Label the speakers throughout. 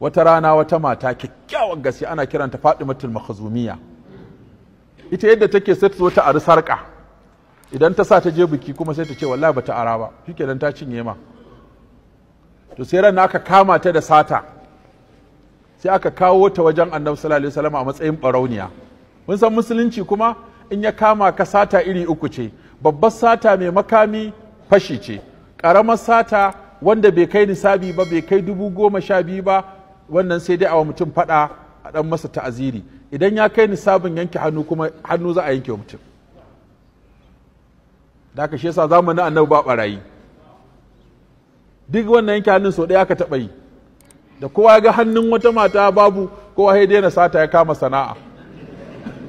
Speaker 1: wata rana wata mata kyakkyawar gaske ana kiranta fadimatul makhzumiya ita yadda take sai ta zo ta ari sarka idan ta sa ta je biki kuma sai ta ce wallahi ta ara ba dan ta cinye ma to sai ran aka kama ta da sata sai aka kawo ta wajen annabi sallallahu alaihi wasallam a matsayin barauniya mun san musulunci kuma in ya kama ka sata iri uku ce babbar sata mai makami fashi ce Karamar sata wanda bai kai nisabi ba bai kai dubu goma sha biyu ba wannan sai dai a wa mutum faɗa a ɗan masa ta'aziri idan ya kai nisabin yanke hannu kuma hannu za a yanke wa mutum da aka shi yasa zamanin annabi ba barayi duk wannan yanke hannun sau ɗaya aka taɓa yi da kowa ga hannun wata mata babu kowa sai daina sata ya kama sana'a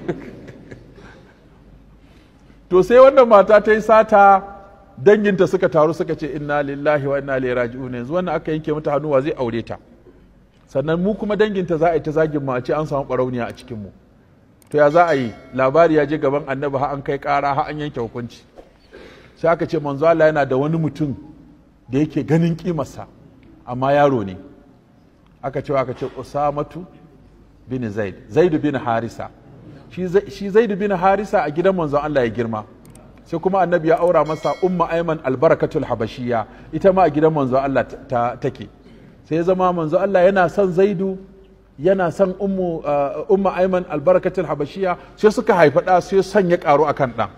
Speaker 1: to sai wannan mata ta yi sata danginta suka taru suka ce inna lillahi wa inna ilaihi raji'un yanzu wannan aka yanke mata hannu wa zai aure ta sannan mu kuma danginta za a yi ta zagin mu a ce an samu barauniya a cikin mu to ya za a yi labari ya je gaban annabi ha an kai ƙara ha an yanke hukunci sai aka ce manzo Allah yana da wani mutum da yake ganin kimarsa amma yaro ne aka ce aka ce Usamatu bin Zaid Zaid bin Harisa shi Zaid bin Harisa a gidan manzo Allah ya girma sai kuma annabi ya aura masa umma Ayman albarakatul habashiya ita ma a gidan manzo Allah take sai zama manzo Allah yana son zaidu yana son umma uh, aiman albarkacin habashiya sai suka haifa da sai ƙaru a kan dan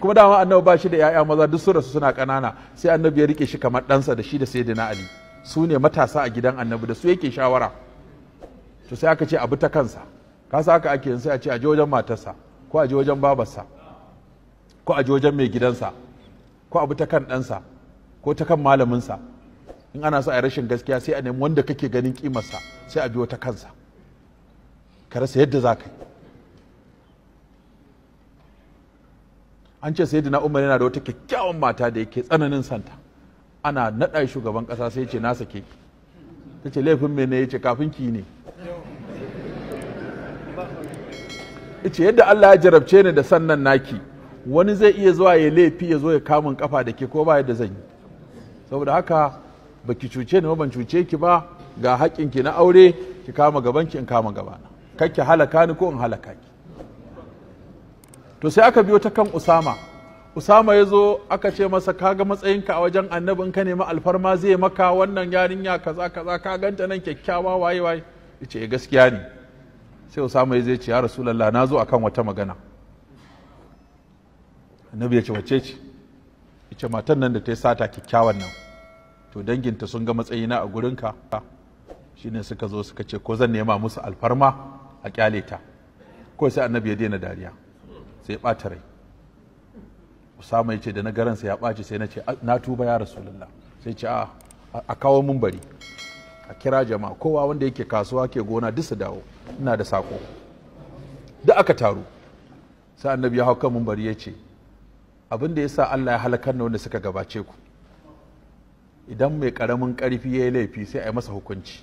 Speaker 1: kuma dama annabi ba shi da yaya maza duk su rasu suna kanana sai annabi ya rike shi kamar ɗansa da shi da sai dina ali su ne matasa a gidan annabi da su yake shawara to sai aka ce abu ta kansa kasa aka ake sai a ce a je wajen matarsa ko a je wajen babarsa ko a je wajen mai gidansa ko abu ta kan ɗansa ko ta kan malaminsa in ana so a rashin gaskiya sai a nemi wanda kake ganin kimarsa sai a biyo ta kansa ka rasa yadda za ka yi an ce sayyidina umar yana da wata kyakkyawan mata da yake tsananin santa ana naɗa shugaban ƙasa sai ce nasa ke ta ce laifin ne ya ce kafin ki ne ce yadda Allah ya jarabce ni da sannan naki wani zai iya zuwa ya laifi ya zo ya kamun kafa da ke ko ba yadda zan yi saboda haka baki cuce ni ban cuce ki ba ga haƙƙin na aure ki kama gaban ki in kama gabana kakki halaka ni ko in halaka ki to sai aka biyo ta kan usama usama ya zo aka ce masa kaga matsayinka a wajen annabi in ka nemi alfarma zai maka wannan yarinya kaza kaza ka ganta nan kyakkyawa waye waye yace eh, gaskiya ne sai usama ya zai ce ya rasulullah na zo akan wata magana annabi ya ce wacce ce yace matan nan da ta yi sata kyakkyawan nan to danginta sun ga matsayina a gurinka shine suka zo suka ce ko zan nema musu alfarma a kyale ta ko sai annabi ya daina dariya sai ya ɓata rai usama ya ce da na garansa ya ɓaci sai na ce ah, na tuba ya rasulullah sai ce ah, a kawo mun bari a kira jama'a kowa wanda yake kasuwa ke gona duk su dawo ina da sako da aka taru sai annabi ya hau kan mun bari ya ce abin da sa Allah ya halakar da wanda suka gabace ku idan mai karamin karfi ya yi laifi sai a yi masa hukunci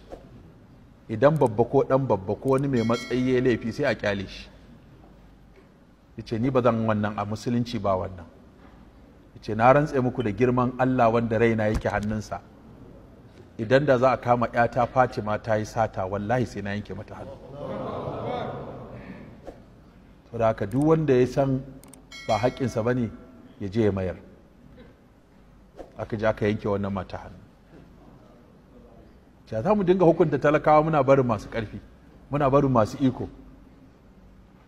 Speaker 1: idan babba ko dan babba ko wani mai matsayi ya yi laifi sai a kyale shi ya ce ni ba zan wannan a musulunci ba wannan ya ce na rantse muku da girman allah wanda raina yake hannunsa idan da za a kama yata fatima ta yi sata wallahi sai na yanke mata hannu saboda haka duk wanda ya san ba haƙƙinsa ba ne ya je ya mayar aka ji aka yanke wannan mata hannu ya za mu dinga hukunta talakawa muna barin masu ƙarfi muna barin masu iko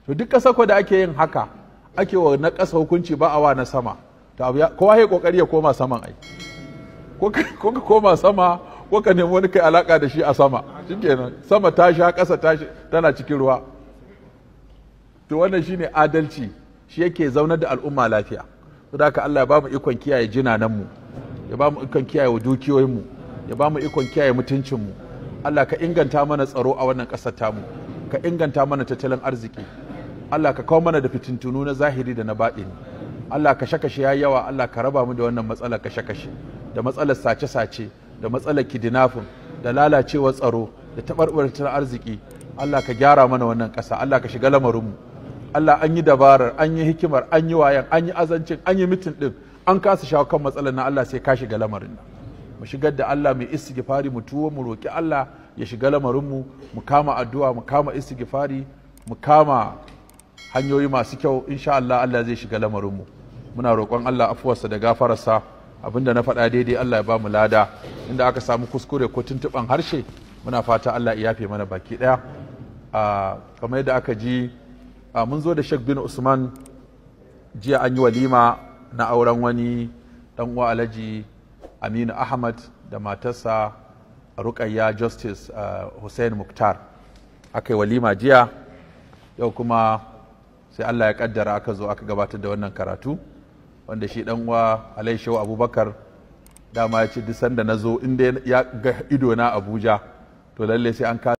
Speaker 1: to duk ƙasa da ake yin haka ake wa na ƙasa hukunci ba a wa na sama to abu kowa ya kokari ya koma saman ai ko ka koma sama ko ka nemi wani kai alaka da shi a sama shikenan sama ta sha ƙasa ta tana cikin ruwa to wannan shine adalci shi yake zaunar da al'umma lafiya saboda haka Allah ya ba mu ikon kiyaye jinanan mu ya ba mu ikon kiyaye dukiyoyinmu ya ba mu ikon kiyaye mutuncinmu Allah ka inganta mana tsaro a wannan ƙasar tamu ka inganta mana tattalin arziki Allah ka kawo mana da fitintunu na zahiri da na baɗini Allah ka shakashe ya yawa Allah ka raba mu da wannan matsalar ka shakashe da matsalar sace-sace da matsalar kidinafin da lalacewar tsaro da taɓarɓar arziki Allah ka gyara mana wannan ƙasa Allah ka shiga lamarinmu Allah an yi dabarar an yi hikimar an yi wayan an yi azancin an yi mitin ɗin an kasa shawo kan matsalar na Allah sai ka shiga lamarin mu shigar da Allah mai istighfari mu tuwo mu roki Allah ya shiga lamarin mu mu kama addu'a mu kama istighfari mu kama hanyoyi masu kyau insha Allah Allah zai shiga lamarin mu muna roƙon Allah afuwarsa da gafararsa abinda na faɗa daidai Allah ya ba mu lada inda aka samu kuskure ko tuntuɓan harshe muna fata Allah ya yafe mana baki ɗaya kamar yadda aka ji mun zo da Sheikh bin Usman jiya an yi walima na auren wani ɗan uwa alhaji aminu ahmad da matarsa rukayya justice uh, hussein muktar aka yi walima jiya yau kuma sai allah ya kaddara aka zo aka gabatar da wannan karatu wanda shi ɗan uwa alaishaw abubakar dama ya ce duk sanda na zo inda ya ga ido na abuja to lalle sai an